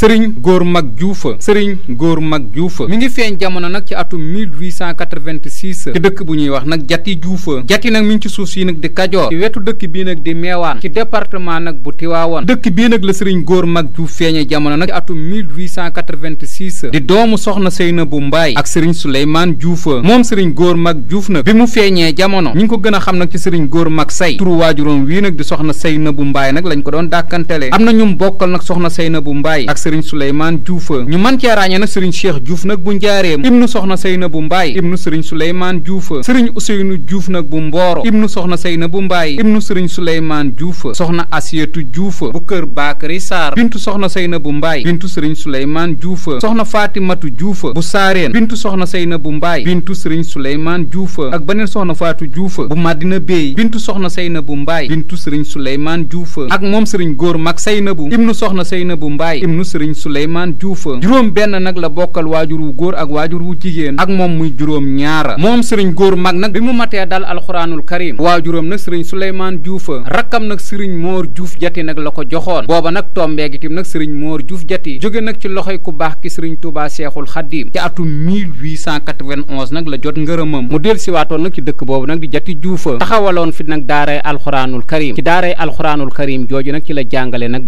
sëriñ góor mag juufa sëriñ góor mag juufa mi ngi feeñ jamono nag ci atum 1886 ci dëkk bu ñuy wax nag jati juufa jati nag mi ngi ci suuf yi nag di kajoor ci wetu dëkk bii nag di meewaan ci département nag bu tiwaawoon dëkk bii nag la sëriñ góor mag juuf feeñe jamono nag ci atum 1886 di doomu soxna na bu mbaay ak sëriñ suleymaan juufa moom sëriñ góor mag juuf nag bi mu feeñee jamono ñi ngi ko gën a xam nag ci sëriñ góor mag say turu waajuroom wii nag di soxna seyna bu mbaay nag lañ ko doon dàkkantele am na ñu bokkal nag soxna seyna bu mbaay ak sëriñ Souleymane Diouf ñu man cee ràññee nag sëriñ Cheikh Diouf nag bu njaareem ibnu soxna Seyna bu Mbaay ibnu sëriñ Souleymane Diouf sëriñ Ousseynou Diouf nag bu Mbooro ibnu soxna Seyna bu Mbaay ibnu sëriñ Souleymane Diouf soxna Asiyatu Diouf bu kër Bakary Sarr bintu soxna Seyna bu Mbaay bintu sëriñ Souleymane Diouf soxna Fatimatu Diouf bu Saareen bintu soxna Seyna bu Mbaay bintu sëriñ Souleymane Diouf ak beneen soxna Fatou Diouf bu Madina Bey bintu soxna Seyna bu Mbaay bintu sëriñ Souleymane Diouf ak moom sëriñ góor mag Seyna bu ibnu soxna Seyna bu Mbaay sëriñ Souleymane Diouf juróom benn nag la bokkal waajur wu góor ak waajur wu jigéen ak moom muy juróom ñaara moom sëriñ góor mag nag bi mu matee dal alxuraanul karim waajuram nag sëriñ Souleymane Diouf rakkam nag sëriñ Mor Diouf jati nag la ko joxoon booba nag tombeeg itam nag sëriñ Mor Diouf jati jóge nag ci loxoy ku baax ki sëriñ Touba Seexul Xaddiim ci atum 1891 nag la jot ngërëmam mu del siwaatoon nag ci dëkk boobu nag di jati Diouf taxawaloon fi nag daaray alxuraanul karim ci daaray alxuraanul karim jooju nag ci la jàngale nag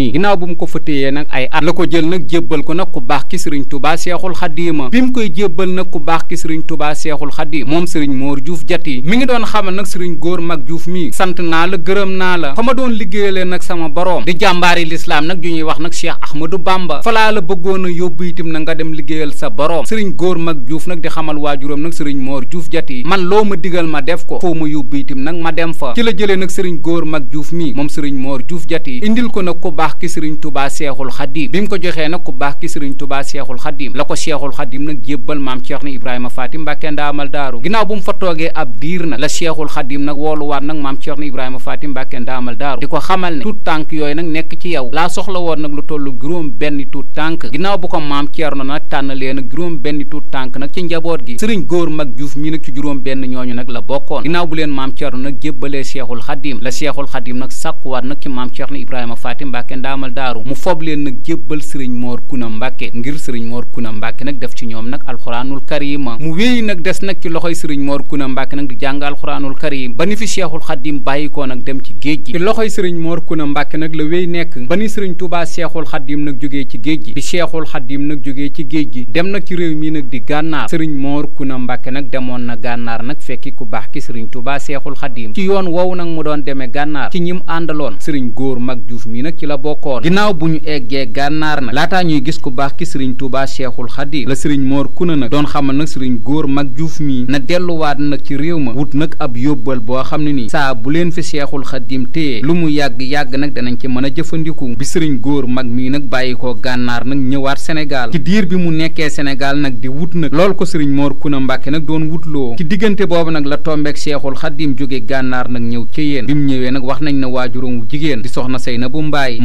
mii ginnaaw bu mu ko fa téyee nag ay at la ko jël nag jébbal ko nag ku baax ki sëriñ tubaa seexul xadiima bi mu koy jébbal nag ku baax ki sëriñ tubaa seexul xadiim moom sëriñ Mor Diouf Diatty mi ngi doon xamal nag sëriñ góor mag Diouf mii sant naa la gërëm naa la fa ma doon liggéeyalee nag sama boroom di jàmbaari lislaam nag ju ñuy wax nag Cheikh Ahmadou Bamba falaa la bëggoon a yóbbu itam na nga dem liggéeyal sa boroom sëriñ góor mag Diouf nag di xamal waajuram nag sëriñ Mor Diouf Diatty man loo ma digal ma def ko foo ma yóbbu itam nag ma dem fa ci la jëlee nag sëriñ góor mag juuf mii moom sëriñ Mor Diouf Diatty indil ko nag ku baax baax ki sëriñ tubaa seexul xadim bi mu ko joxee nag ku baax ki sëriñ tubaa seexul xadim la ko seexul xadim nag jébbal maam Cheikh na Ibrahima Faty Mbacke ndaamal daaru ginnaaw bu mu fa toogee ab diir nag la seexul xadim nag wooluwaat nag maam Cheikh na Ibrahima Faty Mbacke ndaamal daaru di ko xamal ne tuut tànk yooyu nag nekk ci yow laa soxla woon nag lu tollu juróom benn tuut tànk ginnaaw bu ko maam Ceerno nag tànnalee nag juróom benn tuut tànk nag ci njaboot gi sëriñ góor mag Juuf mi nag ci juróom benn ñooñu nag la bokkoon ginnaaw bu leen maam Ceerno nag jébbalee seexul xadim la seexul xadim nag sàkkuwaat nag ci maam Cheikh na Ibrahima Faty Mbacke Mbacke ndaamal daaru mu fob leen nag jébbal sëriñ Mor Kuna Mbacke ngir sëriñ Mor Kuna Mbacke nag def ci ñoom nag alxuraanul karima mu wéy nag des nag ci loxoy sëriñ Mor Kuna Mbacke nag di jàng alxuraanul karim ba ni fi Cheikhul Khadim bàyyikoo nag dem ci géej gi ci loxoy sëriñ Mor Kuna Mbacke nag la wéy nekk ba ni sëriñ Touba Cheikhul Khadim nag jógee ci géej gi bi Cheikhul Khadim nag jógee ci géej gi dem nag ci réew mii nag di gànnaar sëriñ Mor Kuna Mbacke nag demoon na gànnaar nag fekki ku baax ki sëriñ Touba Cheikhul Khadim ci yoon woowu nag bokkoon ginnaaw bu ñu eggee gànnaar nag laataa ñuy gis ku baax ki sëriñ Touba Cheikhul Khadim la sëriñ ku Kuna nag doon xamal nag sëriñ góor mag Juuf mii na delluwaat nag ci réew ma wut nag ab yóbbal boo xam ne nii saa bu leen fi Cheikhul Khadim téye lu mu yàgg-yàgg nag danañ ci mën a jëfandiku bi sëriñ góor mag mii nag bàyyi koo gànnaar nag ñëwaat Sénégal ci diir bi mu nekkee Sénégal nag di wut nag lool ko sëriñ moor ku na mbàkki nag doon wut ci diggante boobu nag la tombeek Cheikhul Khadim jóge gànnaar nag ñëw ci yéen bi mu ñëwee nag wax nañ na waajuróom wu jigéen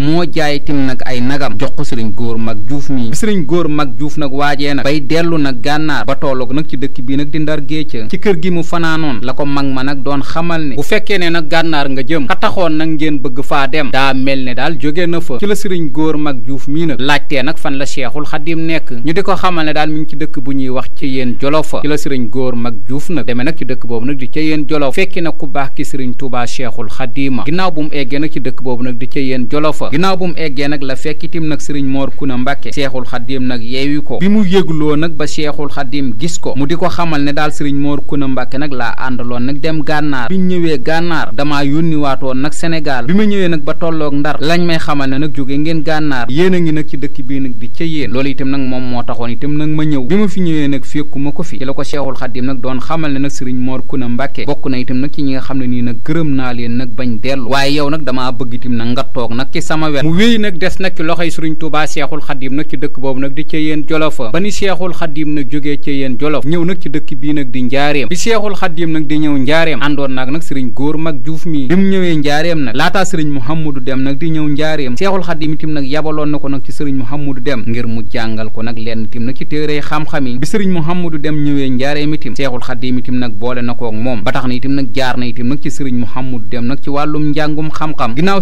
moo jaay tim nag ay nagam jox ko sëriñ góor mag juuf sëriñ góor mag juuf nag waajee nag bay dellu nag gànnaar ba tolloog nag ci dëkk bii nag di ndar géej ci kër gi mu fanaanoon la ko mag ma nag doon xamal ne bu fekkee ne nag gànnaar nga jëm ka taxoon nag ngeen bëgg faa dem daa mel ne daal jóge na fa ci la sëriñ góor mag juuf mii nag laajtee nag fan la seexul xadim nekk ñu di ko xamal ne daal mu ci dëkk bu ñuy wax ci yéen jolofa ci la sëriñ góor mag juuf nag deme nag ci dëkk boobu nag ca yéen jolof fekki nag ku baax ki sëriñ Tuubaa seexul xadima ginnaaw bu mu eggee nag dëkk boobu nag di ca yéen jolofa ginnaaw bu mu eggee nag la fekk itam nag sëriñ Mor Kuna Mbàkke seexul xaddim nag yeewi ko bi mu yëgloo nag ba seexul xaddim gis ko mu di ko xamal ne daal sëriñ Mor Kuna Mbàkke nag laa àndaloon nag dem gànnaar bi ñëwee gànnaar damaa yónni nag Sénégal bi ma ñëwee nag ba tolloog ndar lañ may xamal ne nag jóge ngeen gànnaar yéen a ngi nag ci dëkk bii nag di ca yéen loolu itam nag moom moo taxoon itam nag ma ñëw bi ma fi ñëwee nag fékkuma ko fi la ko seexul xaddim nag doon xamal ne nag sëriñ Mor Kuna Mbàkke bokk na itam nag ci ñi nga xam ne nii nag gërëm naa leen nag bañ dellu waaye yow nag damaa bëgg itam nag nga toog nag ci sama sama wet mu wéy nag des nag ci loxoy sëriñ Tuubaa Seexul Xadiim nag ci dëkk boobu nag di ca yéen jolofa ba ni Seexul Xadiim nag jógee ca yéen jolof ñëw nag ci dëkk bii nag di njaareem bi Seexul Xadiim nag di ñëw njaareem àndoon naag nag sëriñ góor mag juuf mii bi mu ñëwee njaareem dem nag di ñëw njaareem Seexul Xadiim itam nag yabaloon na ko nag ci sëriñ Muhammadu dem ngir mu jàngal ko nag lenn itam nag ci téere xam-xam yi bi sëriñ Muhammadu dem ñëwee njaareem itam Seexul Xadiim itam nag boole na ko moom ba tax na itam nag jaar na itam nag ci dem nag ci wàllum njàngum xam-xam ginnaaw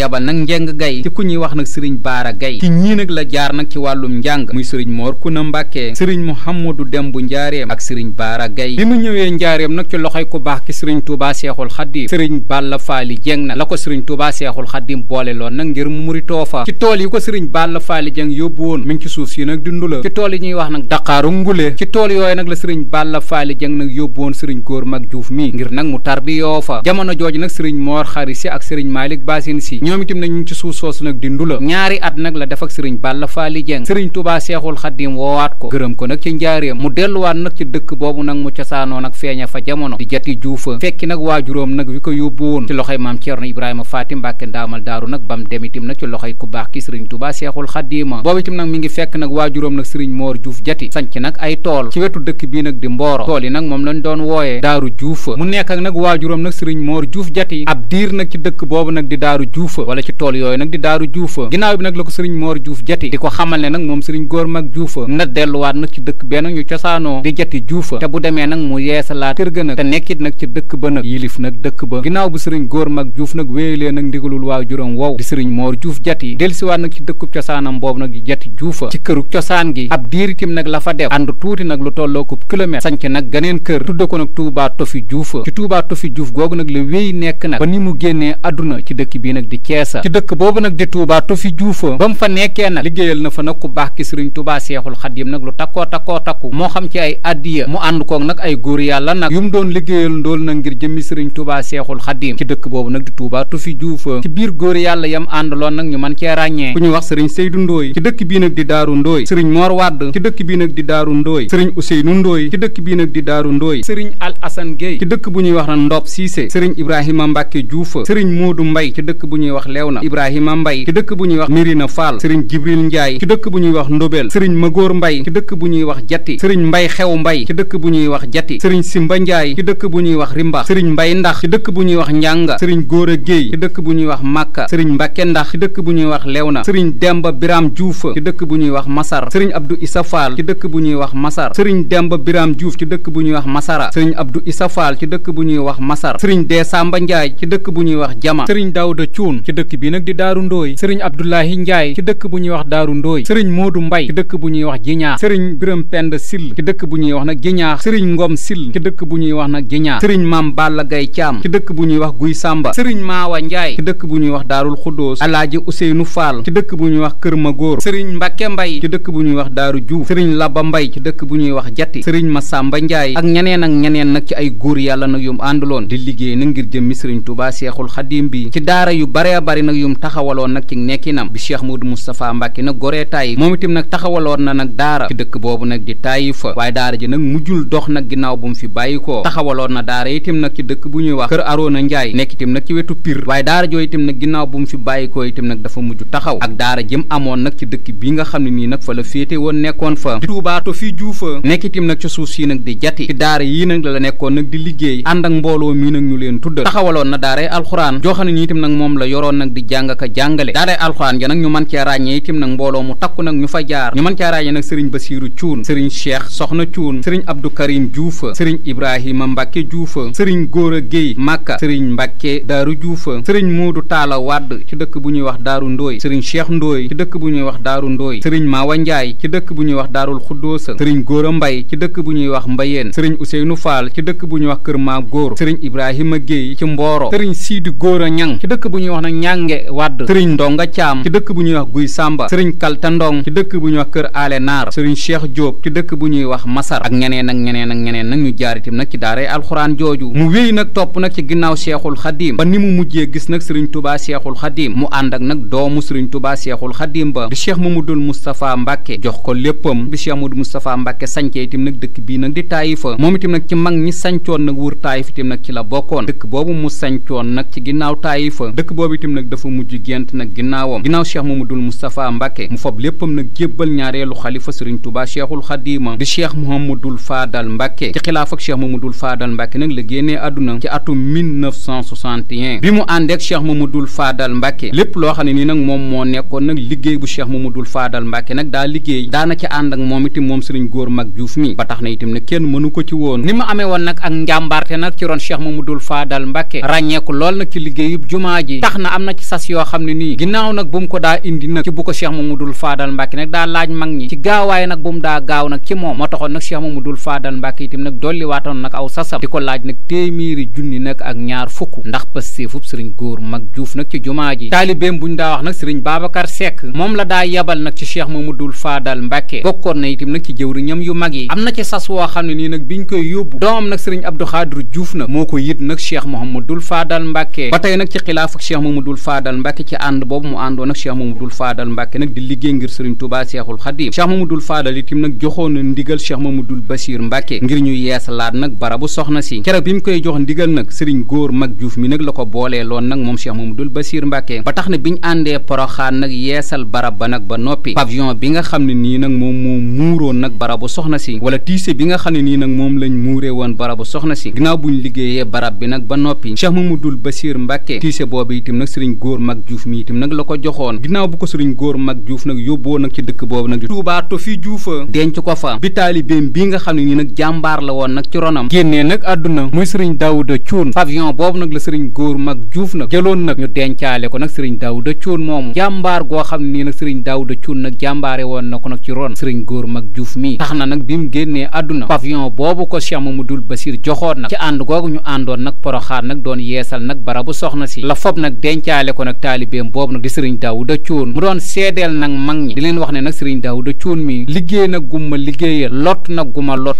yabal nag njeng gay ci ku ñuy wax nag sëriñ baara gay ci ñii nag la jaar nag ci wàllum njàng muy sëriñ moor kuna mbàkke sëriñ mouhamadou dem bu njaareem ak sëriñ baara gay bi mu ñëwee njaareem nag ci loxoy ku baax ki sëriñ tuubaa seexul xaddim sëriñ balla faali jeng nag la ko sëriñ tuubaa seexul xaddim boole loon nag ngir mu muritoo fa ci tool yi ko sëriñ balla faali jeng yóbbu woon mi ngi ci suuf si nag dundu la ci tool yi ñuy wax nag daqaaru ngule ci tool yooyu nag la sëriñ balla faali jeng nag yóbbu woon sëriñ góor mag mi ngir nag mu tarbi ñoom itam nag ñu ngi ci suuf soosu nag di ndula ñaari at nag la def mu delluwaat nag ci dëkk boobu nag mu cosaanoo nag feeña fa jamono di jati juufa nag waajuróom nag wi ko yóbbu woon ci loxoy maam Ceerno Ibrahima Faati Mbàkke ndaamal daaru nag bam dem itam nag ku baax ki sëriñ Tubaa Seexul Xaddiima boobu itam nag mi ngi fekk nag waajuróom nag sëriñ Moor Juuf jati sanc nag ay tool ci wetu dëkk bii nag di mbooro tool yi nag moom lañ doon wooyee daaru juufa mu nekk ak nag waajuróom nag sëriñ Moor Juuf jati ab diir nag ci dëkk boobu nag di daaru juufa juufa wala ci tool yooyu nag di daaru juufa ginnaaw bi nag la ko sëriñ moor juuf jati di ko xamal ne nag moom sëriñ góor mag juufa na delluwaat nag di jati juufa te bu demee nag mu yeesalaat kër ga nag te nekkit nag ci dëkk ba nag yilif nag dëkk ba ginnaaw bu sëriñ góor mag juuf nag wéyelee nag ndigalul waaw juróom wow di sëriñ moor juuf jati dellusiwaat nag ci dëkkub cosaanam boobu nag di jati juufa ci këru cosaan gi ab diiritim nag la fa def ànd tuuti nag lu tolloo ko ko nag tuubaa tofi juufa ci tuubaa tofi juuf googu nag la wéy nekk nag ba ni Ceesa ci dëkk boobu nag di Touba to fi juufa ba mu fa nekkee nag liggéeyal na fa nag ku baax ki sëriñ Touba Seexul Xadim nag lu takkoo takkoo takku moo xam ci ay addiya mu ànd koog nag ay góor yàlla nag yu mu doon liggéeyal ndool nag ngir jëmmi sëriñ Touba Seexul Xadim ci dëkk boobu nag di Touba to fi juufa ci biir góor yàlla yam àndaloon nag ñu mën cee ràññee ku ñu wax sëriñ Seydou Ndooy ci dëkk bii nag di Daaru Ndooy sëriñ Moor Wàdd ci dëkk bii nag di Daaru Ndooy sëriñ Ousseynou Ndooy ci dëkk bii nag di Daaru Ndooy sëriñ Al Assane Gueye ci dëkk bu ñuy ñuy wax Léona Ibrahima Mbay ci dëkk bu ñuy wax Mirina Fall sëriñ Jibril Njaay ci dëkk bu ñuy wax Ndobel sëriñ Magóor Mbay ci dëkk bu ñuy wax Jatti sëriñ Mbay Xew Mbay ci dëkk bu ñuy wax Jatti sëriñ Simba Njaay ci dëkk bu ñuy wax Rimba sëriñ Mbay Ndax ci dëkk bu ñuy wax Njànga sëriñ Góora Géey ci dëkk bu ñuy wax Màkka sëriñ Mbàkke Ndax ci dëkk bu ñuy wax Léona sëriñ Demba Biram Juuf ci dëkk bu ñuy wax Masar sëriñ Abdou Issa Fall ci dëkk bu ñuy wax Masar sëriñ Demba Biram Juuf ci dëkk bu ñuy wax Masara sëriñ Abdou Issa Fall ci dëkk bu ñuy wax Masar sëriñ Dee Samba Njaay ci dëkk bu ñuy wax Jama sëriñ Daawda Cuun Thiam ci dëkk bi nag di Daaru Ndooy sëriñ Abdoulahi Ndiaye ci dëkk bu ñuy wax Daaru Ndooy sëriñ Moodu Mbay ci dëkk bu ñuy wax Jiñaax sëriñ Biram Pend Sill ci dëkk bu ñuy wax nag Jiñaax sëriñ Ngom Sill ci dëkk bu ñuy wax nag Jiñaax sëriñ Maam Balla Gay Thiam ci dëkk bu ñuy wax Guy Sàmba sëriñ Maawa Ndiaye ci dëkk bu ñuy wax Daarul Xuddoos Alaaji Useynu Faal ci dëkk bu ñuy wax Kër ma góor sëriñ Mbakke Mbay ci dëkk bu ñuy wax Daaru Juuf sëriñ Laba Mbay ci dëkk bu ñuy wax Jatti sëriñ Masamba Ndiaye ak ñeneen ak ñeneen nag ci ay góor yàlla nag yum ànduloon di liggéey na ngir jëmmi sëriñ Seexul baree bari nag yum taxawaloon nag ci nekkinam bi cheikh Modou Moustapha Mbacke nag goree tayif moom itam nag taxawaloon na nag daara ci dëkk boobu nag di taayifa waaye daara ji nag mujjul dox na daara itam bu ñuy wax kër Arona Ndiaye nekk itam nag ci wetu Pire waaye daara joo itam nag ginnaaw bu mu fi bàyyikoo itam nag nga xam ne nii nag fa la féete woon fi juufa nekk itam nag ci suuf si di jati ci daara yii nag la nekkoon nag di liggéey ànd ak mbooloo na daaray alxuraan joo xam ne nii itam nag moom la yor yoroon nag di jàng ak a jàngale daaray alxuraan ja nag ñu mën cee ràññee itam nag mbooloo mu takku nag ñu fa jaar ñu mën cee ràññee nag sëriñ basiiru cuun sëriñ cheikh soxna cuun sëriñ abdou karim juuf sëriñ ibrahima mbàkke juuf sëriñ góora géey màkka sëriñ mbàkke daaru juuf sëriñ muudu taala wadd ci dëkk bu ñuy wax daaru ndooy sëriñ cheikh ndooy ci dëkk bu ñuy wax daaru ndooy sëriñ maawa njaay ci dëkk bu ñuy wax daarul xuddoosa sëriñ góora mbay ci dëkk bu ñuy wax mbayeen sëriñ useynu faal ci dëkk bu ñuy wax kër maam góor sëriñ ibrahima géey ci soxna ñànge wàdd sëriñ ndonga ci dëkk bu ñuy wax guy sàmba sëriñ kalta ndong ci dëkk bu ñu wax kër aale naar sëriñ cheikh jóob ci dëkk bu ñuy wax masar ak ñeneen ak ñeneen ak ñeneen nag ñu jaaritim nag ci daaray alxuraan jooju mu wéy nag topp nag ci ginnaaw cheikhul xadim ba ni mu mujjee gis nag sëriñ tubaa cheikhul xadim mu ànd ak nag doomu sëriñ tubaa cheikhul xadim ba di cheikh mamadul moustapha mbàkke jox ko léppam bi cheikh mamadul moustapha mbàkke sancee itam nag dëkk bii nag di taayifa moom itam nag ci mag ñi sancoon nag wur taayif itam nag ci la bokkoon dëkk boobu mu sancoon nag ci ginnaaw itam nag dafa mujj gént nag ginnaawam ginnaaw cheikh mamadul moustapha mbàkke mu fob léppam nag jébbal ñaareelu xalifa sëriñ tubaa cheikhul xadima di cheikh mohamadul faadal mbàkke ci xilaaf ak cheikh mamadul faadal mbàkke nag la génnee àdduna ci atum 1961 bi mu ànd ak cheikh mamadul faadal mbàkke lépp loo xam ne nii nag moom moo nekkoon nag liggéey bu mu cheikh mamadul faadal mbàkke nag daa liggéey daana ci ànd ak moom itam moom sëriñ góor mag juuf mi ba tax na itam na kenn mënu ko ci woon ni mu amee woon nag ak njàmbaarte nag ci ron cheikh mamadul faadal mbàkke ràññeeku lool nag ci liggéeyub jumaa ji tax am na ci sas yoo xam ne nii ginnaaw nag bu mu ko daa indi nag ci bu ko Cheikh Mamadou faadal Mbacke nag daa laaj mag ñi ci gaawaay nag bu mu daa gaaw nag ci moom moo taxoon nag Cheikh Mamadou Fadal Mbacke itam nag dolli waatoon nag aw sasam di ko laaj nag téeméeri junni nag ak ñaar fukk ndax pastéefub sëriñ góor mag juuf nag ci jumaa ji taalibeem bu ñu daa wax nag sëriñ Babacar Seck moom la daa yabal nag ci Cheikh Mamadou Fadal Mbacke bokkoon na itam nag ci jëwriñam yu mag yi am na ci sas woo xam ne nii nag biñ koy yóbbu doomam nag sëriñ Abdou Khadre juuf nag moo ko yit nag Cheikh Mouhamadoul Fadal Mbacke ba tey nag ci xilaaf ak Cheikh Mamadul Faadal Mbàkke ci ànd boobu mu àndoon ak Cheikh Mamadul Faadal Mbàkke nag di liggéey ngir Sëriñ Tuubaa Seexul Xadiim Cheikh Mamadul Faadal itam nag joxoon na ndigal Cheikh ma mu koy mi la ko boolee loon nag moom Cheikh Mamadul Basiir Mbàkke ba tax ne biñ àndee Poroxaan nag yeesal barab ba nag ba noppi pavillon bi nga xam ne nii nag moom mu muuroon nag barabu soxna si wala tiise bi nga xam ni nii nag moom lañ muuree woon barabu soxna si ginnaaw buñ liggéeyee barab bi nag ba noppi Cheikh Mamadul Basiir Mbàkke tiise boobu itam nag sëriñ góor mag juuf mi itam nag la ko joxoon ginnaaw bu ko sëriñ góor mag juuf nag yóbboo nag ci dëkk boobu nag di Tuubaa to fi juufa denc ko fa bi taalibeem bii nga xam ne nii nag jàmbaar la woon nag ci ronam génnee nag àdduna muy sëriñ Daawuda Cuun pavillon boobu nag la sëriñ góor mag juuf nag goo xam ne nii nag sëriñ Daawuda Cuun nag jàmbaare woon na ko nag ci ron sëriñ mi tax na nag bi mu génnee àdduna pavillon boobu ko Cheikh Mamadul Basir joxoon nag ci ànd googu ñu àndoon nag poroxaar nag doon yeesal nag barabu soxna si la fob nag dencaale ko nag taalibeem boobu nag di sëriñ Daawuda Cuun mu doon seedeel nag mag ñi di leen wax ne nag sëriñ Daawuda Cuun mi liggéey nag gumma liggéeyal lott nag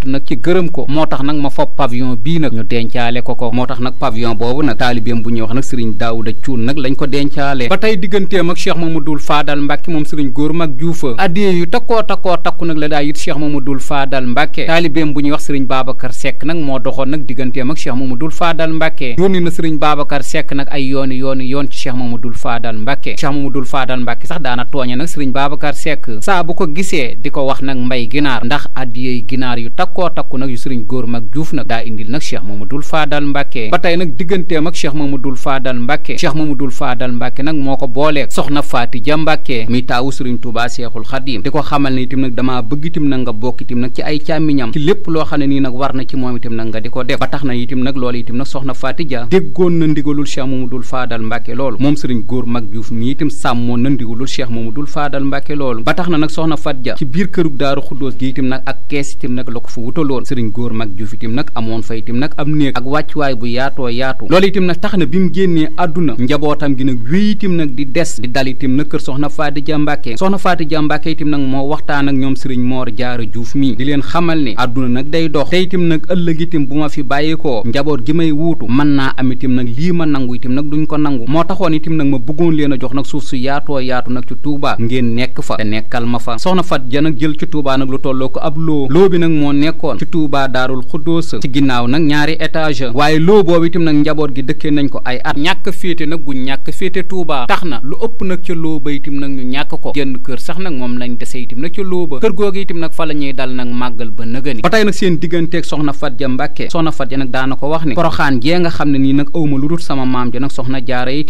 nag ci gërëm ko moo tax nag ma fob pavillon bii nag ñu dencaale ko ko moo tax nag pavillon boobu nag taalibeem bu ñuy wax nag sëriñ Daawuda Cuun nag lañ ko dencaale ba tey digganteem ak Cheikh Mamadul Faadal Mbàkke moom sëriñ góor mag juufa addiyee yu takkoo takkoo takku nag la daa yit Cheikh Mamadul Faadal Mbàkke taalibeem bu ñuy wax sëriñ Babacar Seck nag moo doxoon nag digganteem ak na sëriñ Babacar Seck nag ay yooni yooni yoon ci Cheikh Mamadou Fadal Mbacke Cheikh Mamadou Fadal Mbacke sax daana tooñe nag sëriñ Babacar Seck saa bu ko gisee di ko wax nag mbay ginaar ndax addiyey ginaar yu takkoo takku nag yu sëriñ góor mag Juuf nag daa indil nag Cheikh Mamadou Fadal Mbacke ba tey nag ma ak Cheikh Mamadou Fadal Mbacke Cheikh Mamadou Fadal Mbacke nag moo ko booleeg soxna Faati Ja Mbacke mi taawu sëriñ Touba Seexul Xadim di ko xamal na itam nag damaa bëgg itam nag nga bokk itam nag ci ay càmmiñam ci lépp loo xam ne nii nag war na ci moom itam nag nga di ko def ba tax na itam nag loolu Mbacke loolu moom sëriñ góor mag Diouf mi itam sàmmoo nandiwulul cheikh Mamadul Faadal Mbacke loolu ba tax na nag soxna Fat Ja ci biir kërug daaru xuddoos gi itam nag ak kees itam nag la ko fa wutaloon sëriñ góor mag Diouf itam nag amoon fa itam nag am néeg ak wàccuwaay bu yaatoo yaatu lool itam nag tax na bi mu génnee àdduna njabootam gi nag wéy itam nag di des di dal itam nag kër soxna Faati Ja Mbacke soxna Faati Ja Mbacke itam nag moo waxtaan ak ñoom sëriñ Moor Jaara Diouf mi di leen xamal ne àdduna nag day dox te itam nag ëllëg bu ma fi bàyyeekoo njaboot gi may wuutu mën naa am itam nag lii ma nangu itam nag duñ ko nangu moo taxoon itim nag ma bëggoon leen a jox nag suuf su yaatoo yaatu nag ci Touba ngeen nekk fa te nekkal ma fa soxna fat ja nag jël ci Touba nag lu tolloo ko ab loo loo bi nag moo nekkoon ci Touba daarul xuddoosa ci ginnaaw nag ñaari étage waaye loo boobu itam nag njaboot gi dëkkee nañ ko ay at ñàkk féete nag gu ñàkk féete Touba tax na lu ëpp nag ca loo ba itam nag ñu ñàkk ko jënd kër sax nag moom lañ dese itam nag ca loo ba kër googu itam nag fa la ñuy dal nag màggal ba nëgëni ba tey nag seen digganteeg soxna fat ja Mbàkke soxna fat ja nag daana ko wax ne poroxaan jee nga maam ja nag soxna jaara it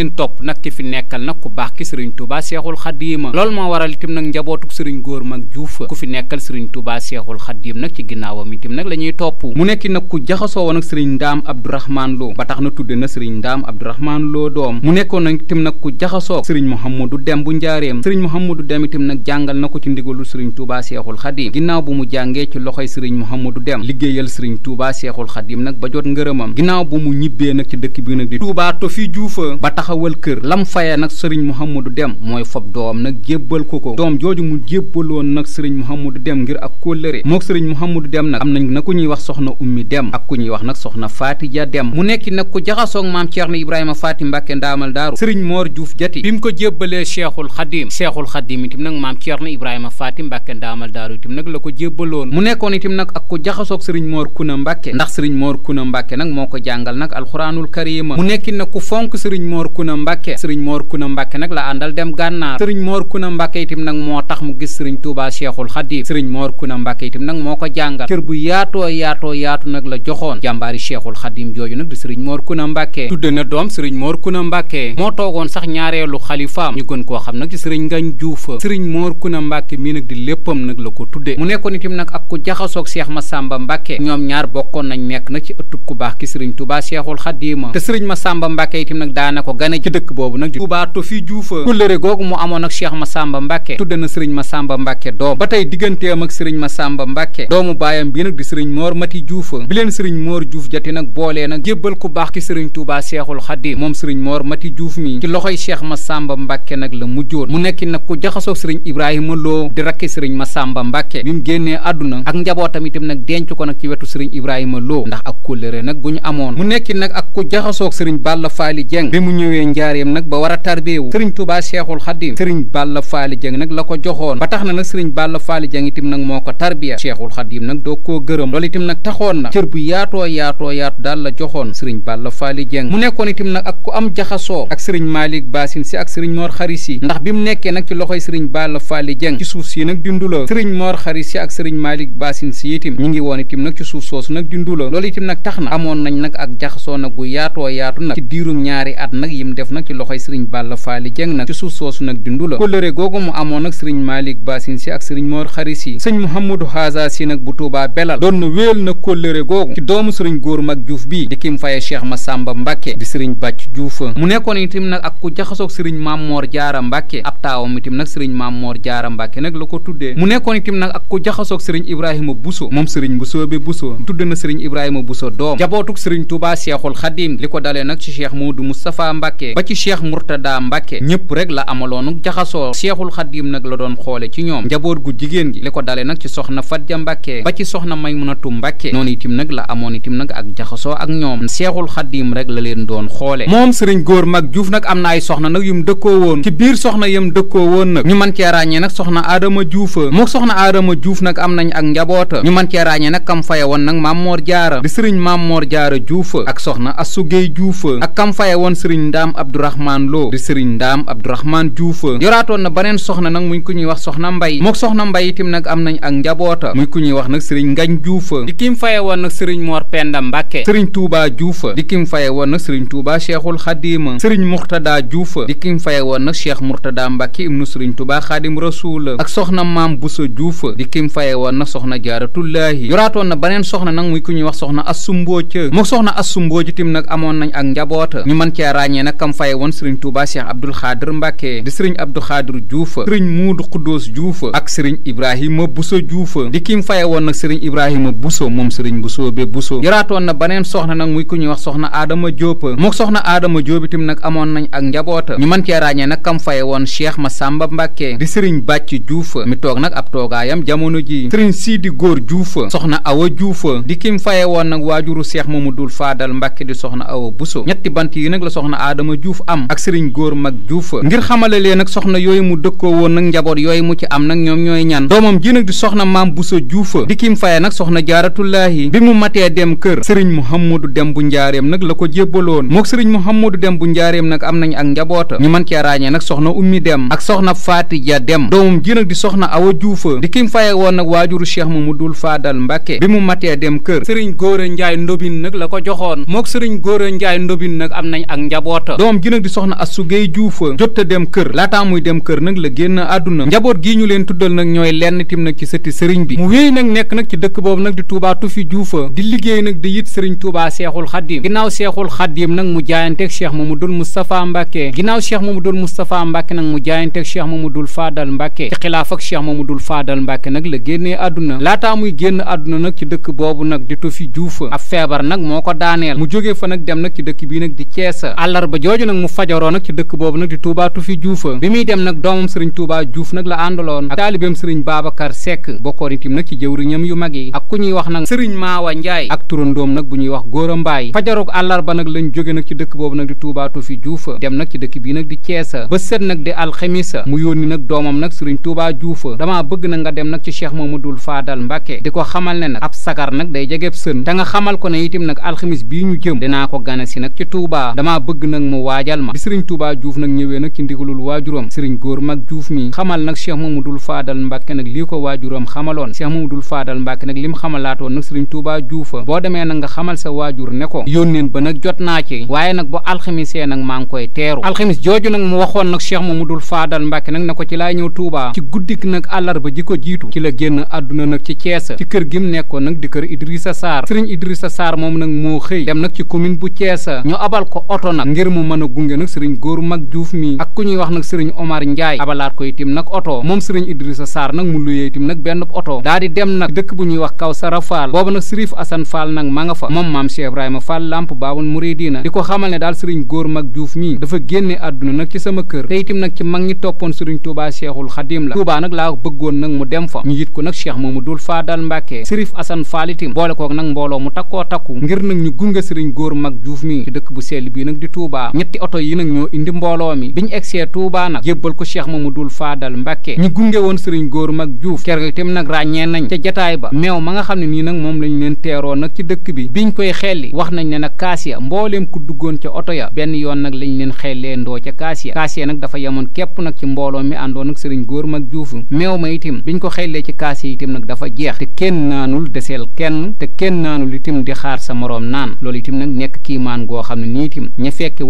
ngeen topp nag ki fi nekkal nag ku baax ki sëriñ Touba Seexul Xadiim loolu ma waral itam nag njabootuk sëriñ góor mag Juuf ku fi nekkal sëriñ Touba Seexul Xadiim nag ci ginnaawam itam nag la ñuy topp mu nekki nag ku jaxasoo woon ak sëriñ Ndaam Abdourahmane Lo ba tax na tudde na sëriñ Ndaam Abdourahmane Lo doom mu nekkoon nag itam nag ku jaxasoo sëriñ Mouhamadou Dem bu njaareem sëriñ Mouhamadou Dem itam nag jàngal na ko ci ndigalu sëriñ Touba Seexul Xadiim ginnaaw bu mu jàngee ci loxoy sëriñ Mouhamadou Dem liggéeyal sëriñ Touba Seexul Xadiim nag ba jot ngërëmam ginnaaw bu mu ñibbee nag ci dëkk bi nag di Touba to Juufa ba tax taxawal kër lam fayee nag sëriñ Mouhamadou Dem mooy fob doom nag jébbal ko ko doom jooju mu jébbaloon nag sëriñ Mouhamadou Dem ngir ak kóllëre mook sëriñ Mouhamadou Dem nag am nañ na ku ñuy wax soxna ummi dem ak ku ñuy wax nag soxna Faati Ja Dem mu nekki nag ku jaxasoog maam Ceerno Ibrahima Faati Mbàkke ndaamal daaru sëriñ Moor Juuf Jati bi mu ko jébbalee Cheikhul Xadim Cheikhul Xadim itam nag maam Ceerno Ibrahima Faati Mbàkke ndaamal daaru nag la ko jébbaloon mu nekkoon itam nag ak ku jaxasoog sëriñ Moor Kuna Mbàkke ndax sëriñ Moor Kuna Mbàkke nag moo ko jàngal nag alxuraanul karima mu nekki nag ku fonk sëriñ Moor Moor Kuna Mbàkke sëriñ Moor Kuna Mbàkke nag la àndal dem gànnaar sëriñ Moor Kuna Mbàkke itam nag moo tax mu gis sëriñ Tuubaa Seexul Xadiim sëriñ Moor Kuna Mbàkke itam nag moo ko jàngal bu yaatoo yaatoo yaatu nag la joxoon jàmbaari Seexul Xadiim jooju nag di sëriñ Moor Kuna Mbàkke tudde na doom sëriñ Moor Kuna Mbàkke moo toogoon sax ñaareelu xalifaam ñu gën koo xam nag ci sëriñ Ngañ Juuf sëriñ Moor Kuna Mbàkke mii nag di léppam nag la ko tudde mu nekkoon itam nag ak ku jaxasoog Seex Masàmba Mbàkke ñoom ñaar bokkoon nañ nekk nag ci ëttub ku baax ki sëriñ Tuubaa Seexul Xadiim te sëriñ Masàmba Mbàkke itam gane ci dëkk boobu nag di Touba Tofi Diouf kullëre googu mu amoon ak Cheikh Massamba Mbacke tudde na sëriñ Massamba Mbacke doom ba tey digganteem ak sëriñ Massamba Mbacke doomu baayam bi nag di sëriñ Mor Mati Diouf bi leen sëriñ Mor Diouf jati nag boolee nag jébbal ku baax ki sëriñ Touba Cheikhul Khadim moom sëriñ Mor Mati Diouf mi ci loxoy Cheikh Massamba Mbacke nag la mujjoon mu nekk nag ku jaxasoo sëriñ Ibrahima Lo di rakki sëriñ Massamba Mbacke bi mu génnee àdduna ak njabootam itam nag denc ko nag ci wetu sëriñ Ibrahima Lo ndax ak kullëre nag gu ñu amoon mu nekk nag ak ñëwee njaareem nag ba a ba tax na nag sëriñ bàlla faali jëng itam nag moo ko tarbiya seexul xadim nag doo koo gërëm loolu itam nag taxoon na cër bu mu nekkoon itam nag ak ku am jaxasoo ak sëriñ maalik baasin si ak sëriñ bi mu nekkee nag ci loxoy sëriñ bàlla faali si nag di ndula sëriñ moor xari si ak sëriñ maalik baasin si itam ñi ngi woon itam nag ci suuf soosu nag di ndula loolu itam nag tax na amoon nañ nag ak jaxasoo nag bu yaatoo yaatu nag ci diirum ñaari at nag yim def nag ci loxoy sëriñ Balla Faali Jeng nag ci suuf soosu nag dundu la kóllëre googu mu amoon nag sëriñ Malick Basin si ak sëriñ Mor Xari si sëñ Mouhamadou Haza si nag na wéel nag kóllëre googu ci doomu sëriñ góor mag Diouf bii di kim faye Cheikh Massamba Mbacke di sëriñ Bàcc Diouf mu nekkoon itam nag ak ku jaxasoog sëriñ Mammoor Jaara Mbacke nag sëriñ Mammoor Jaara Mbacke la ko tuddee mu nekkoon itam nag ak ku jaxasoog sëriñ Ibrahima Bousso moom sëriñ Bousso bi Bousso tudd na sëriñ Ibrahima Bousso doom jabootug sëriñ Tuubaa Seexul Xadiim li ko dalee nag ci Cheikh Modou Moustapha Mbacke Mbacke ba ci cheikh Mourtada Mbacke ñëpp rek la amaloonu jaxasoo cheikhul xadim nag la doon xoole ci ñoom njaboot gu jigéen gi li ko dale nag ci soxna Fadja Mbacke ba ci soxna Maymunatu Mbacke noonu itim nag la amoon itim nag ak jaxasoo ak ñoom cheikhul xadim rek la leen doon xoole moom sëriñ góor mag Juuf nag am na ay soxna nag yum dëkkoo woon ci biir soxna yam dëkkoo woon nag ñu mën cee ràññee nag soxna Adama Juuf moo soxna Adama Juuf nag am nañ ak njaboota ñu mën cee ràññee nag kam faye woon nag Mamor Jaara di sëriñ Mamor Jaara Juuf ak soxna Assou Gueye Juuf ak kam faye woon ndaam abdourahman loo di sëriñ ndaam abdourahman juuf yoraatoon na baneen soxna nag muy ku ñuy wax soxna mbay mook soxna mbay itam nag am nañ ak njaboota muy ku ñuy wax nag sëriñ ngañ juufa di kim faye woon nag sëriñ moor penda mbàkke sëriñ tuubaa juufa di kim faye woon nag sëriñ tuubaa cheikhul xadima sëriñ murtada juufa di kim faye woon nag cheikh murtada mbàkke ibnu sëriñ tuubaa soxna maam busa nag na baneen soxna nag muy ku ñuy wax soxna assumbooj mook soxna assumbooj itam nag amoon nañ ak njaboota ñu mën cee nag nag kam faye woon sëriñ Touba Cheikh Abdoul Xaadir Mbacke di sëriñ Abdou Xaadir Diouf sëriñ Muudu Xuddoos Diouf ak sëriñ Ibrahima Bousso Diouf di kim faye woon nag sëriñ Ibrahima Bousso moom sëriñ Bousso be Bousso yoraatoon na baneen nag muy ku ñuy wax soxna Adama Diop mook soxna Adama Diop itam nag amoon nañ ak njaboota ñu mën ràññee nag kam faye woon Cheikh Massamba Mbacke di sëriñ Bàcc Diouf mi toog nag ab toogaayam jamono ji sëriñ Sidi Góor Diouf soxna Awa Diouf di kim faye woon nag waajuru Cheikh Mamadou Fadal Mbacke di soxna Awa Bousso ñetti bant yi nag la soxna Adama Adama Diouf am ak sëriñ góor mag Diouf ngir xamale leen nag soxna yooyu mu dëkkoo woon nag njaboot yooyu mu ci am nag ñoom ñooy ñan doomam ji nag di soxna maam Bousso Diouf di kim faye nag soxna jaaratullaahi bi mu matee dem kër sëriñ Mouhamadou dem bu njaareem nag la ko jébbaloon mook sëriñ Mouhamadou dem bu njaareem nag am nañ ak njaboota ñu mën cee ràññee nag soxna ummi dem ak soxna Faatija dem doomam ji nag di soxna Awa Diouf di kim faye woon nag waajuru cheikh Mamadul Faadal Mbàkke bi mu matee dem kër sëriñ góor a njaay ndobin nag la ko joxoon mook sëriñ góor a njaay ndobin nag am nañ ak farata doom ji nag di soxna Astou Gueye jot jotta dem kër laataa muy dem kër nag la génn àdduna njaboot gii ñu leen tuddal nag ñooy lenn tim nag ci sëti sëriñ bi mu wéy nag nekk nag ci dëkk boobu nag di Touba Toufi Diouf di liggéey nag di it sëriñ Touba Seexul Xaddim ginnaaw Seexul Xaddim nag mu jaayanteeg Cheikh Mamadul Moustapha Mbacke ginnaaw Cheikh Mamadul Moustapha Mbacke nag mu jaayanteeg Cheikh Mamadul Fadal Mbacke ci xilaaf ak Cheikh Mamadul Fadal Mbacke nag la génnee àdduna laataa muy génn àdduna nag ci dëkk boobu nag di Toufi Diouf ab feebar nag moo ko daaneel mu jógee fa nag dem nag ci dëkk bii nag di ba jooju nag mu fajaroo nag ci dëkk boobu nag di Touba Tufi Juufa bi muy dem nag doomam sëriñ Touba Juuf nag la àndaloon ak taalibeem sëriñ Babacar Seck bokkoon itam nag ci jëwriñam yu mag yi ak ku ñuy wax nag sëriñ Maawa Njaay ak turandoom nag bu ñuy wax Góora Mbaay fajarook àllarba nag lañ jóge nag ci dëkk boobu nag di Touba fi Juufa dem nag ci dëkk bii nag di Ceesa ba set nag di alxemisa mu yónni nag doomam nag sëriñ Touba Juufa damaa bëgg na nga dem nag ci Cheikh dul Faadal mbakke di ko xamal ne nag sagar nag day jegeb sën te xamal ko ne itam nag alxemis bii ñu jëm dinaa ko gane si nag nag mu waajal ma bi sëriñ Touba Diouf nag ñëwee nag ci ndigalul waajuram sëriñ góor mag Diouf mi xamal nag Cheikh Mamadou Fadal Mbacke nag lii nag lim xamalaatoon nag sëriñ Touba Diouf boo demee nag nga xamal sa waajur ne ko yónneen ba nag jot naa ci waaye nag bu alximisee nag maa ngi koy teeru alximis jooju nag mu waxoon nag Cheikh Mamadou Fadal Mbacke nag ne ko ci laay ñëw Touba ci guddik nag àllarba ji ko jiitu ci la génn àdduna nag ci Thiès ci kër gi mu nekkoon nag di kër Idrissa Sarr sëriñ Idrissa Sarr moom nag moo xëy dem nag ci commune bu Thiès ñu abal ko oto nag ngir mu mën a gunge nag sëriñ góor mag Diouf mi ak ku ñuy wax nag sëriñ Omar Ndiaye abalaat ko itim nag oto moom sëriñ Idrissa Sarr nag mu luyee itim nag benn oto daa di dem nag dëkk bu ñuy wax kaw Kawsara Fall boobu nag Sërif Assane faal nag ma nga fa moom maam Cheikh Ibrahima Fall Lamp Baawul na di ko xamal ne daal sëriñ góor mag Diouf mi dafa génne àdduna nag ci sama kër te itim nag ci mag ñi toppoon sëriñ Touba Cheikhul Khadim la Touba nag laa bëggoon nag mu dem fa ñu ko nag Cheikh Mamadou Fadal Mbacke Sërif Assane Fall itim boole kook nag mbooloo mu takkoo takku ngir nag ñu gunge sëriñ góor mag Diouf mi Touba ñetti oto yi nag ñoo indi mbooloo mi biñ egsee Touba nag jébbal ko Cheikh Mamadul Faadal Mbàkke ñu gunge woon sëriñ góor mag Juuf ker itam nag ràññee ma nga xam ne nii nag moom lañu leen teeroo nag ci dëkk bi biñ koy xelli wax nañ ne nag kaas ya mbooleem ku duggoon ca oto ya benn yoon nag lañ leen xellee ndoo ca kaas ya kaas ya nag dafa yemoon képp nag ci mbooloo mi àndoon nag sëriñ góor mag Juuf meew ma itim biñ ko xellee ci kaas ya itim nag dafa jeex te kenn naanul deseel kenn te kenn naanul itim di xaar sa moroom naan loolu itim nag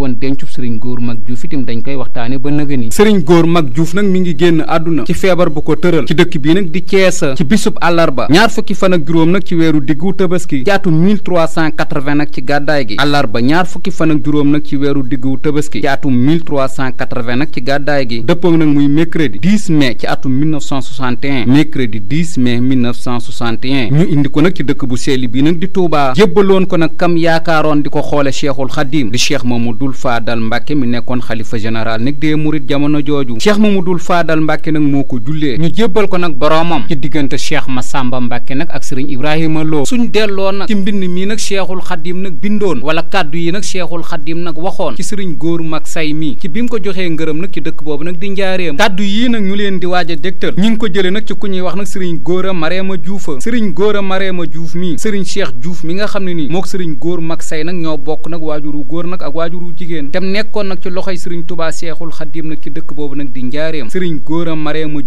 woon dencub sëriñ góor mag juuf itam dañ koy waxtaane ba nëga ni sëriñ góor mag juuf nag mi ngi génn àdduna ci feebar bu ko tëral ci dëkk bii nag di ceesa ci bisub àllarba ñaar fukki fan ak juróom nag ci weeru diggu tabaski ci atu nag ci gàddaay gi àllarba ñaar fukki fan ak juróom nag ci weeru diggu tabaski ci atu nag ci gàddaay gi dëppoo nag muy mercredi 10 ci atu 1961 mercredi ñu indi ko nag ci dëkk bu selli bii nag di Touba jébbaloon ko nag Mamadul Faadal Mbàkke mi nekkoon xalifa général nag dee murit jamono jooju cheikh Mamadul Faadal Mbàkke nag moo ko jullee ñu jébbal ko nag boroomam ci diggante ma Masamba mbakke nag ak sëriñ Ibrahima Lo suñ delloo nag ci mbind mii nag cheikhul xadim nag bindoon wala kàddu yi nag cheikhul xadim nag waxoon ci sëriñ góor mag say mii ci bi mu ko joxee ngërëm nag ci dëkk boobu nag di njaareem kàddu yii nag ñu leen di waaja a dégtal ñu ngi ko jële nak ci ku ñuy wax nag sëriñ góor a mareema juufa sëriñ góor a mareema juuf mii sëriñ cheikh juuf mi nga xam ne nii mook sëriñ góor mag say nag ñoo jigéen tem nekkoon nag ci loxoy sëriñ tubaa seexul xaddiim nag ci dëkk boobu nag di njaareem sëriñ góora mareema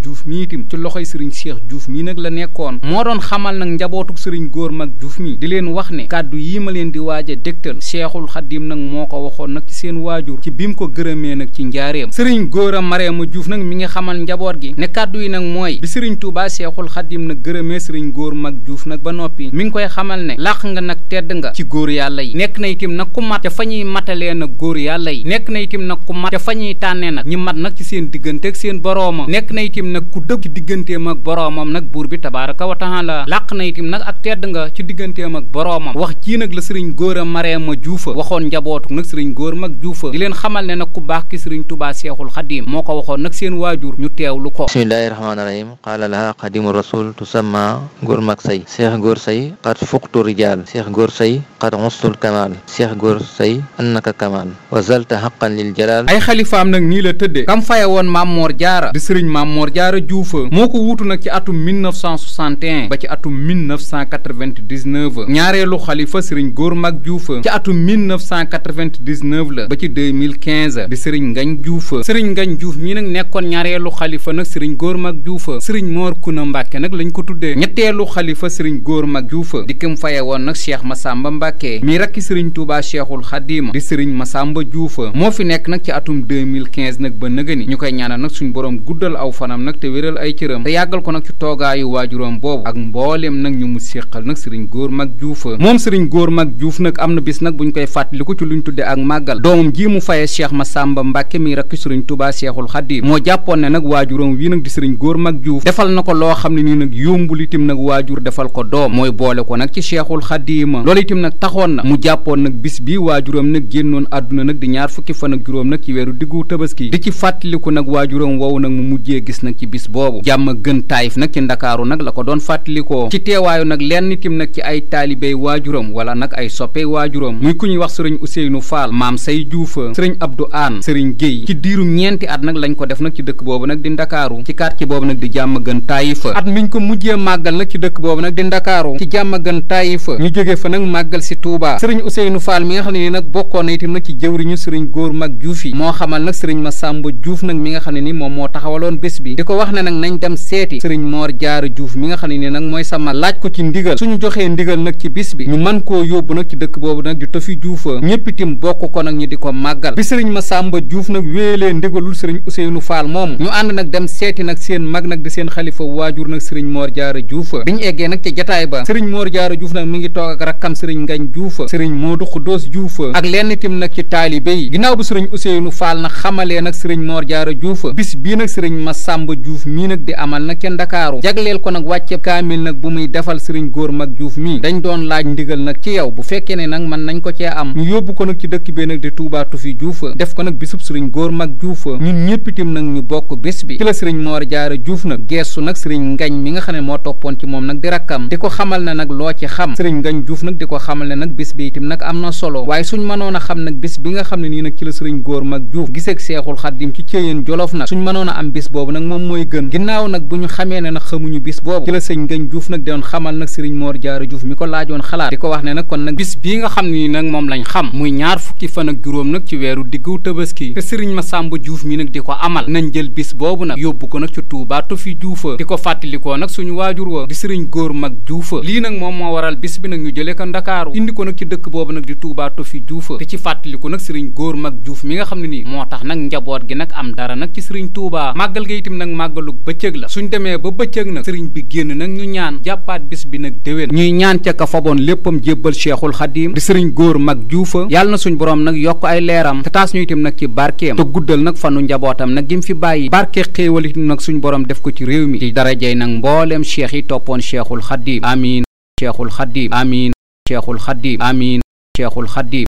nag la nekkoon moo doon xamal nag njabootuk sëriñ góor mag juuf mii di leen wax ne kàddu yii ma leen di waaj a dégtal seexul xaddiim nag moo ko waxoon nag seen waajur ci bi mu ko gërëmee nag ci njaareem sëriñ góora mareema juuf nag mi ngi xamal njaboot gi ne kàddu yi nag mooy bi sëriñ tubaa seexul xaddiim nag gërëmee sëriñ góor mag juuf nag ba noppi mi ngi koy xamal ne làq nga nag tedd nga ci góor yàlla yi nekk na itam nag ku mat te fa ñuy matalee nag góor yàlla yi nekk na itim nag ku mat te fa ñuy tànnee nag ñi mat nag ci seen diggante ak seen boroomam nekk na itim nag ku dëgg ci digganteem ak boroomam nag buur bi ka wa taala làq na itim nag ak tedd nga ci digganteem ak boroomam wax jii nag la sëriñ góor a Mareema Juufa waxoon njabootuk nag sëriñ góor mag Juufa di leen xamal ne nag ku baax ki sëriñ Tubaa Seexul Xadiim moo ko waxoon nag seen waajur ñu teewlu ko bismillahi rahmaani rahim qaala la xadimu rasul tusamma góor mag say seex góor say seex góor say qad ustul kamaal seex góor say annaka kamaal wa zalta xaqan lil jalaal ay xalifaam nag nii la tëddee kam faye woon maam moor jaara di sëriñ maam jaara juufa moo ko wuutu nag ci atum 1961 ba ci atum 1999 ñaareelu xalifa sëriñ góor mag juufa ci atum 1999 la ba ci 2015 di sëriñ ngañ juufa sëriñ ngañ juuf mii nag nekkoon ñaareelu xalifa nag sëriñ góor mag juufa sëriñ moor ku kuna mbàkke nag lañ ko tuddee ñetteelu xalifa sëriñ góor mag juufa di kam faye woon nag cheikh masamba mbàkke mi rakki sëriñ tuuba cheikhul xadima di sëriñ mas Samba Diouf moo fi nekk nag ci atum 2015 nag ba nëgëni ñu koy ñaanal nag suñu borom guddal aw fanam nag te wéral ay cëram te yàggal ko nag ci toogaayu waajuram boobu ak mbooleem nag ñu mu séqal nag sëriñ góor mag Diouf moom sëriñ góor mag Diouf nag am na bis nag bu ñu koy ko ci luñ tudde ak màggal doomam ji mu fayee Cheikh Massamba Mbacke mi rakki sëriñ Touba Cheikhul Khadim moo jàppoon ne nag waajuram wii nag di sëriñ góor mag Diouf defal na ko loo xam ne nii nag yombul itam nag waajur defal ko ko nag ci Cheikhul Khadim loolu na mu jàppoon nag bis bi waajuram àdduna nag di ñaar fukki fan ak juróom nag ci weeru diggu tabaski di ci fàttaliku nag waajuram wow nag mu mujjee gis nag ci bis boobu jàmm gën taayif nag ci ndakaaru nag la ko doon fàttalikoo ci teewaayu nag lenn itim nag ci ay taalibey waajuram wala nag ay soppey waajuram muy ku ñuy wax sëriñ Ousseynou Fall maam say Juufa sëriñ Abdou Aan sëriñ Géy ci diirum ñeenti at nag lañ ko def nag ci dëkk boobu nag di ndakaaru ci quartier boobu ko mujjee màggal nag ci dëkk boobu nag di ndakaaru ci jàmm gën taayifa ñu jóge fa nag màggal si Touba sëriñ Ousseynou Fall mi nga xam ne ni nag bokkoon na itam ci jëwriñu sëriñ góor mag juuf yi moo xamal nag sëriñ Masamba Juuf nag mi nga xam ne ni moom moo taxawaloon bés bi di ko wax ne nag nañ dem seeti sëriñ Moor Jaara Juuf mi nga xam ne ni nag mooy sama laaj ko ci ndigal ñu joxee ndigal nag ci bis bi ñu mën koo yóbbu nag ci dëkk boobu nag ju Tëfi Juufa ñépp itam bokk ko nag ñu di ko màggal bi sëriñ Masamba Juuf nag wéelee ndigalul sëriñ nu faal moomu ñu ànd nag dem seeti nag seen mag nag di seen xalifa waajur nag sëriñ Moor Jaara Juufa ñu eggee nag ca jataay ba sëriñ Moor Jaara Juuf nag mi ngi toog ak rakkam sëriñ Ngañ Juufa sëriñ Moodu Xuddoos Juufa ak lenn ci taalibe yi ginnaaw bu sëriñ Ousseynou Fall nag xamalee nag sëriñ Mor Diarra Diouf bis bii nag sëriñ Massamba Diouf mii nag di amal nag ca Ndakaaru jagleel ko nag wàcce kaamil nag bu muy defal sëriñ góor mag Diouf mii dañ doon laaj ndigal nag ci yow bu fekkee ne nag mën nañ ko cee am ñu yóbbu nag ci dëkk bi nag di Touba Toufi Diouf def ko nag bisub sëriñ góor mag Diouf ñun ñëpp itam nag ñu bokk bés bi ci la sëriñ Mor juuf nag geestu nag sëriñ Ngañ mi nga xam ne moo toppoon ci moom nag di rakkam di ko xamal na nag loo ci xam sëriñ Ngañ juuf nag di ko xamal ne nag bis bi itam nag am na solo waaye suñ mënoon xam nag bis bi nga xam ne nii nag ci la sëriñ góor mag Juuf giseeg seexul xaddim ci céyeen jolof nag suñ mënoon am bis boobu nag moom mooy gën ginnaaw nag bu ñu xamee ne nag xamuñu bis boobu ci la sëñ Ngañ Juuf nag doon xamal nag sëriñ Moor Jaara Juuf mi ko laajoon xalaat di ko wax ne nag kon nag bis bi nga xam ni nag moom lañ xam muy ñaar fukki fan ak juróom nag ci weeru diggu tabaski te sëriñ sàmb Juuf mi nag di ko amal nañ jël bis boobu nag yóbbu ko nag ci Tuubaa Toffi Juufa di ko fàttalikoo nag suñu waajur wa di sëriñ góor mag Juufa lii nag moom moo waral bis bi nag ñu jëlee ko Ndakaaru indi ko nag ci dëkk boobu nag di Tuubaa Toffi Juufa ci fàttaliku ko nag sëriñ góor mag juuf mi nga xam ne nii moo tax nag njaboot gi nag am dara nag ci sëriñ Touba màggal ga itam nag màggalug bëccëg la suñ demee ba bëccëg nag sëriñ bi génn nag ñu ñaan jàppaat bis bi nag déwén ñuy ñaan ca ka faboon léppam jébbal seexul xadim di sëriñ góor mag juufa yàlla na suñ borom nag yokk ay leeram te taas ñu itam nag ci barkeem te guddal nag fanu njabootam nag mu fi bàyyi barke xéewal itam nag suñ borom def ko ci réew mi ci darajey nag mbooleem cheikh yi toppoon cheikhul xadim amin cheikhul xadim amin cheikhul xadim amin cheikhul xadim